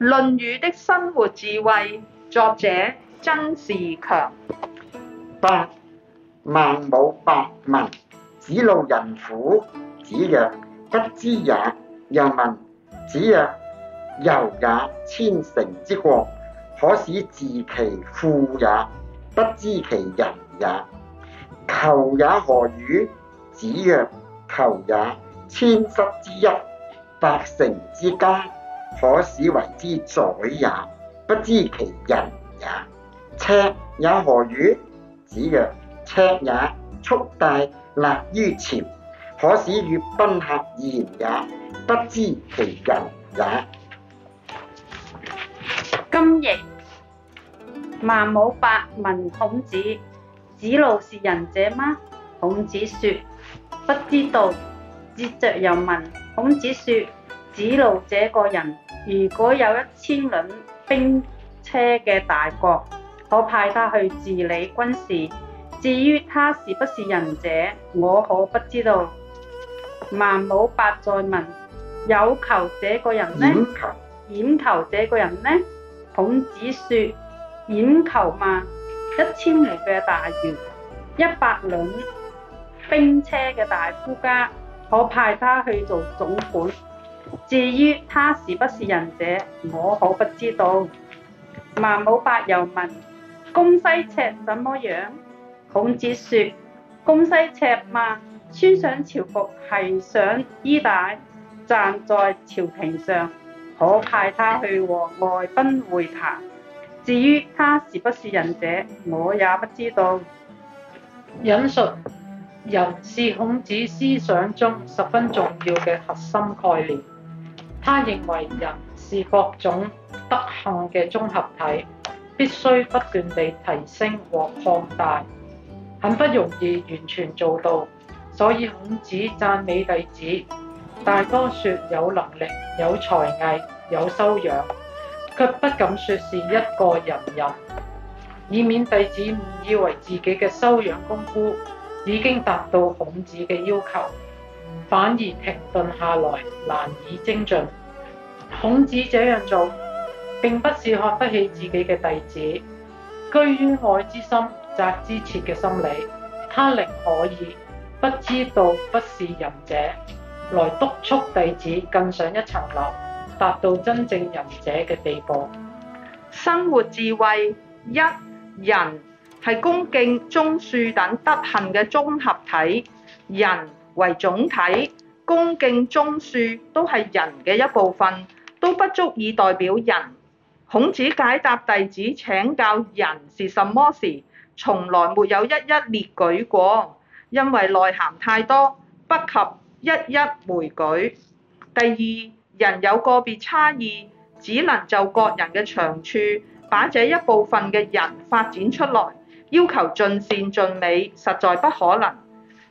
《論語》的生活智慧，作者曾仕強。八，孟武伯問子路仁乎。子曰：不知也。又問：子曰：由也，千乘之國，可使治其賦也；不知其仁也。求也何如？子曰：求也，千室之邑，百乘之家。可使為之宰也，不知其人也。赤也何如？子曰：赤也，束帶立於朝。可使與賓客言也，不知其人也。今亦。孟武伯問孔子：子路是仁者嗎？孔子說：不知道。接着又問孔子說：說子路這個人。如果有一千輛兵車嘅大國，可派他去治理軍事。至於他是不是仁者，我可不知道。孟武伯再問：有求這個人呢？冉求這個人呢？孔子説：冉求嘛，一千戶嘅大縣，一百輛兵車嘅大夫家，可派他去做總管。至於他是不是仁者，我可不知道。孟武伯又問：公西赤怎麼樣？孔子說：公西赤嘛，穿上朝服繫上衣帶，站在朝廷上，可派他去和外賓會談。至於他是不是仁者，我也不知道。引述仁是孔子思想中十分重要嘅核心概念。他認為人是各種德行嘅綜合體，必須不斷地提升和擴大，很不容易完全做到。所以孔子讚美弟子，大多說有能力、有才藝、有修養，卻不敢說是一個仁人，以免弟子誤以為自己嘅修養功夫已經達到孔子嘅要求。反而停頓下來，難以精進。孔子這樣做，並不是看不起自己嘅弟子，居於愛之心、責之切嘅心理，他寧可以不知道不是仁者，來督促弟子更上一層樓，達到真正仁者嘅地步。生活智慧一，仁係恭敬、忠恕等德行嘅綜合體。仁。為總體，恭敬忠恕都係人嘅一部分，都不足以代表人。孔子解答弟子請教人是什麼時，從來沒有一一列舉過，因為內涵太多，不及一一枚舉。第二，人有個別差異，只能就各人嘅長處，把這一部分嘅人發展出來，要求盡善盡美，實在不可能。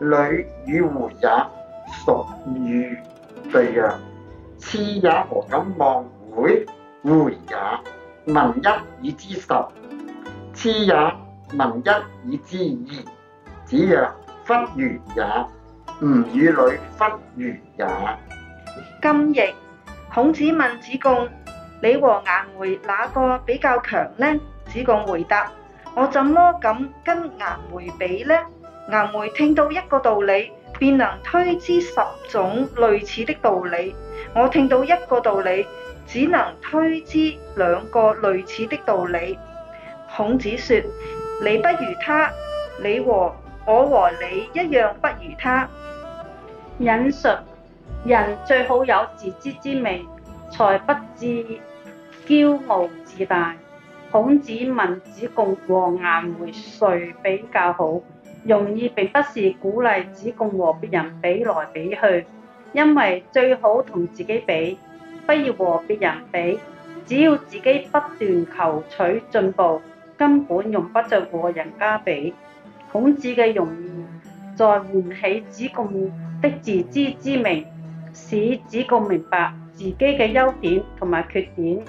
女與回也，孰愈？對曰：賜也何敢望回？回也聞一以知十，賜也聞一以知二。子曰：弗如也。吾與女弗如也。今譯：孔子問子貢：你和顏回哪個比較強呢？子貢回答：我怎麼敢跟顏回比呢？顏回聽到一個道理，便能推知十種類似的道理。我聽到一個道理，只能推知兩個類似的道理。孔子說：你不如他，你和我和你一樣不如他。引述：人最好有自知之明，才不至驕傲自大。孔子問子貢和顏回誰比較好？容易並不是鼓勵子貢和別人比來比去，因為最好同自己比，不要和別人比。只要自己不斷求取進步，根本用不着和人家比。孔子嘅容易，在喚起子貢的自知之明，使子貢明白自己嘅優點同埋缺點，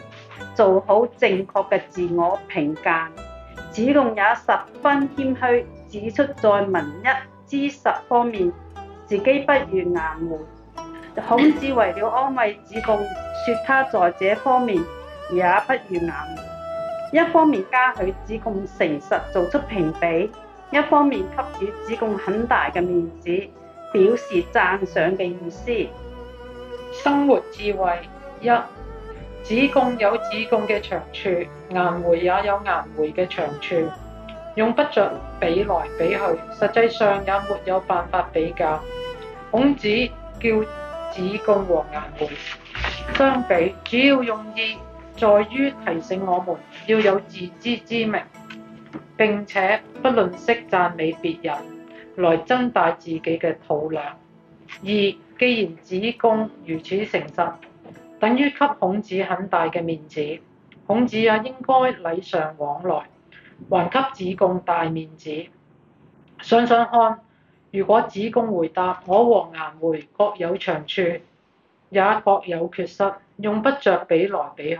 做好正確嘅自我評價。子貢也十分謙虛。指出在聞一知十方面，自己不如顏回。孔子為了安慰子貢，說他在這方面也不如顏回。一方面嘉許子貢誠實，做出評比；一方面給予子貢很大嘅面子，表示讚賞嘅意思。生活智慧一：子貢有子貢嘅長處，顏回也有顏回嘅長處。用不着比來比去，實際上也沒有辦法比較。孔子叫子貢和顏回相比，主要用意在於提醒我們要有自知之明，並且不吝惜讚美別人，來增大自己嘅肚量。二，既然子貢如此誠實，等於給孔子很大嘅面子，孔子也應該禮尚往來。還給子貢大面子，想想看，如果子貢回答我和顏回各有長處，也各有缺失，用不著比來比去，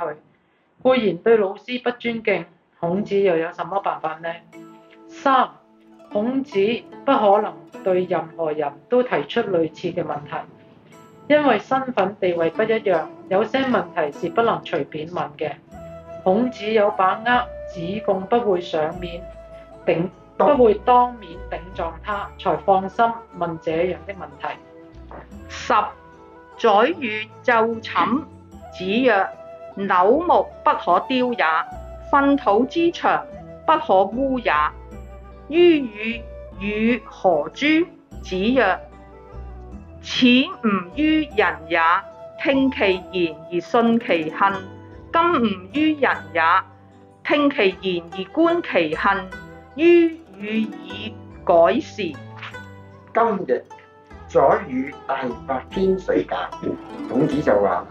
固然對老師不尊敬，孔子又有什麼辦法呢？三，孔子不可能對任何人都提出類似嘅問題，因為身份地位不一樣，有些問題是不能隨便問嘅，孔子有把握。子貢不會上面頂，不會當面頂撞他，才放心問這樣的問題。十宰予晝寢，子曰：朽木不可雕也，糞土之牆不可污也。於予與何誅？子曰：始吾於人也，聽其言而信其行；今吾於人也。聽其言而觀其行，於予與改是。今日宰予大白天睡覺，孔子就話：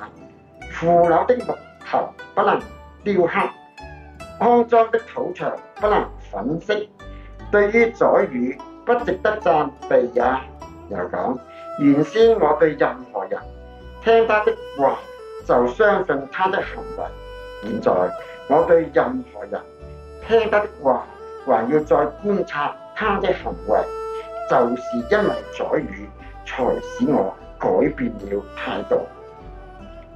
腐朽的木頭不能雕刻，骯髒的土牆不能粉飾。對於宰予，不值得責備也。又講，原先我對任何人聽他的話就相信他的行為，現在。我對任何人聽得話，還要再觀察他的行為，就是因為宰予，才使我改變了態度。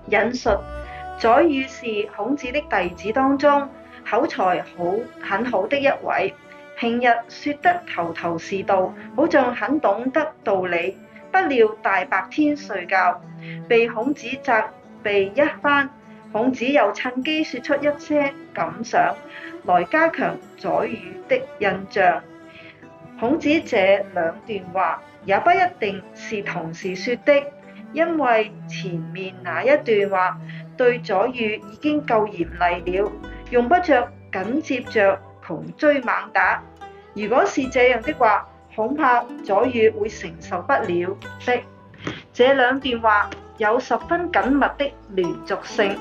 引述宰予是孔子的弟子當中口才好很好的一位，平日説得頭頭是道，好像很懂得道理，不料大白天睡覺，被孔子責備一番。孔子又趁機説出一些感想，來加強宰予的印象。孔子這兩段話也不一定是同時說的，因為前面那一段話對宰予已經夠嚴厲了，用不着緊接著窮追猛打。如果是這樣的話，恐怕宰予會承受不了的。這兩段話。有十分緊密的連續性，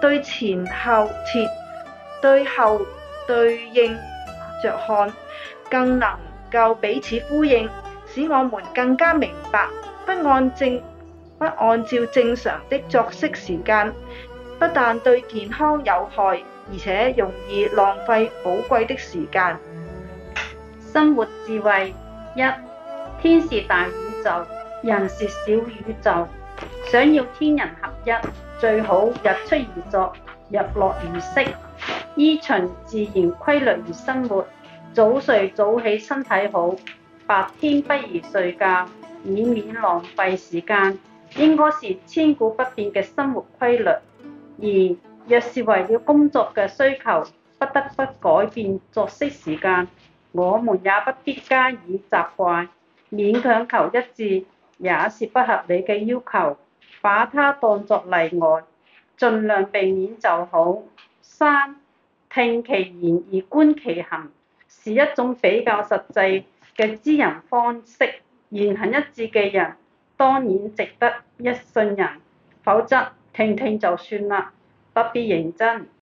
對前後切對後對應着看，更能夠彼此呼應，使我們更加明白。不按正不按照正常的作息時間，不但對健康有害，而且容易浪費寶貴的時間。生活智慧，一天是大宇宙，人是小宇宙。想要天人合一，最好日出而作，日落而息，依循自然規律而生活。早睡早起，身體好；白天不宜睡覺，以免浪費時間，應該是千古不變嘅生活規律。而若是為了工作嘅需求，不得不改變作息時間，我們也不必加以責怪，勉強求一致也是不合理嘅要求。把它當作例外，盡量避免就好。三，聽其言而觀其行，是一種比較實際嘅知人方式。言行一致嘅人當然值得一信人，否則聽聽就算啦，不必認真。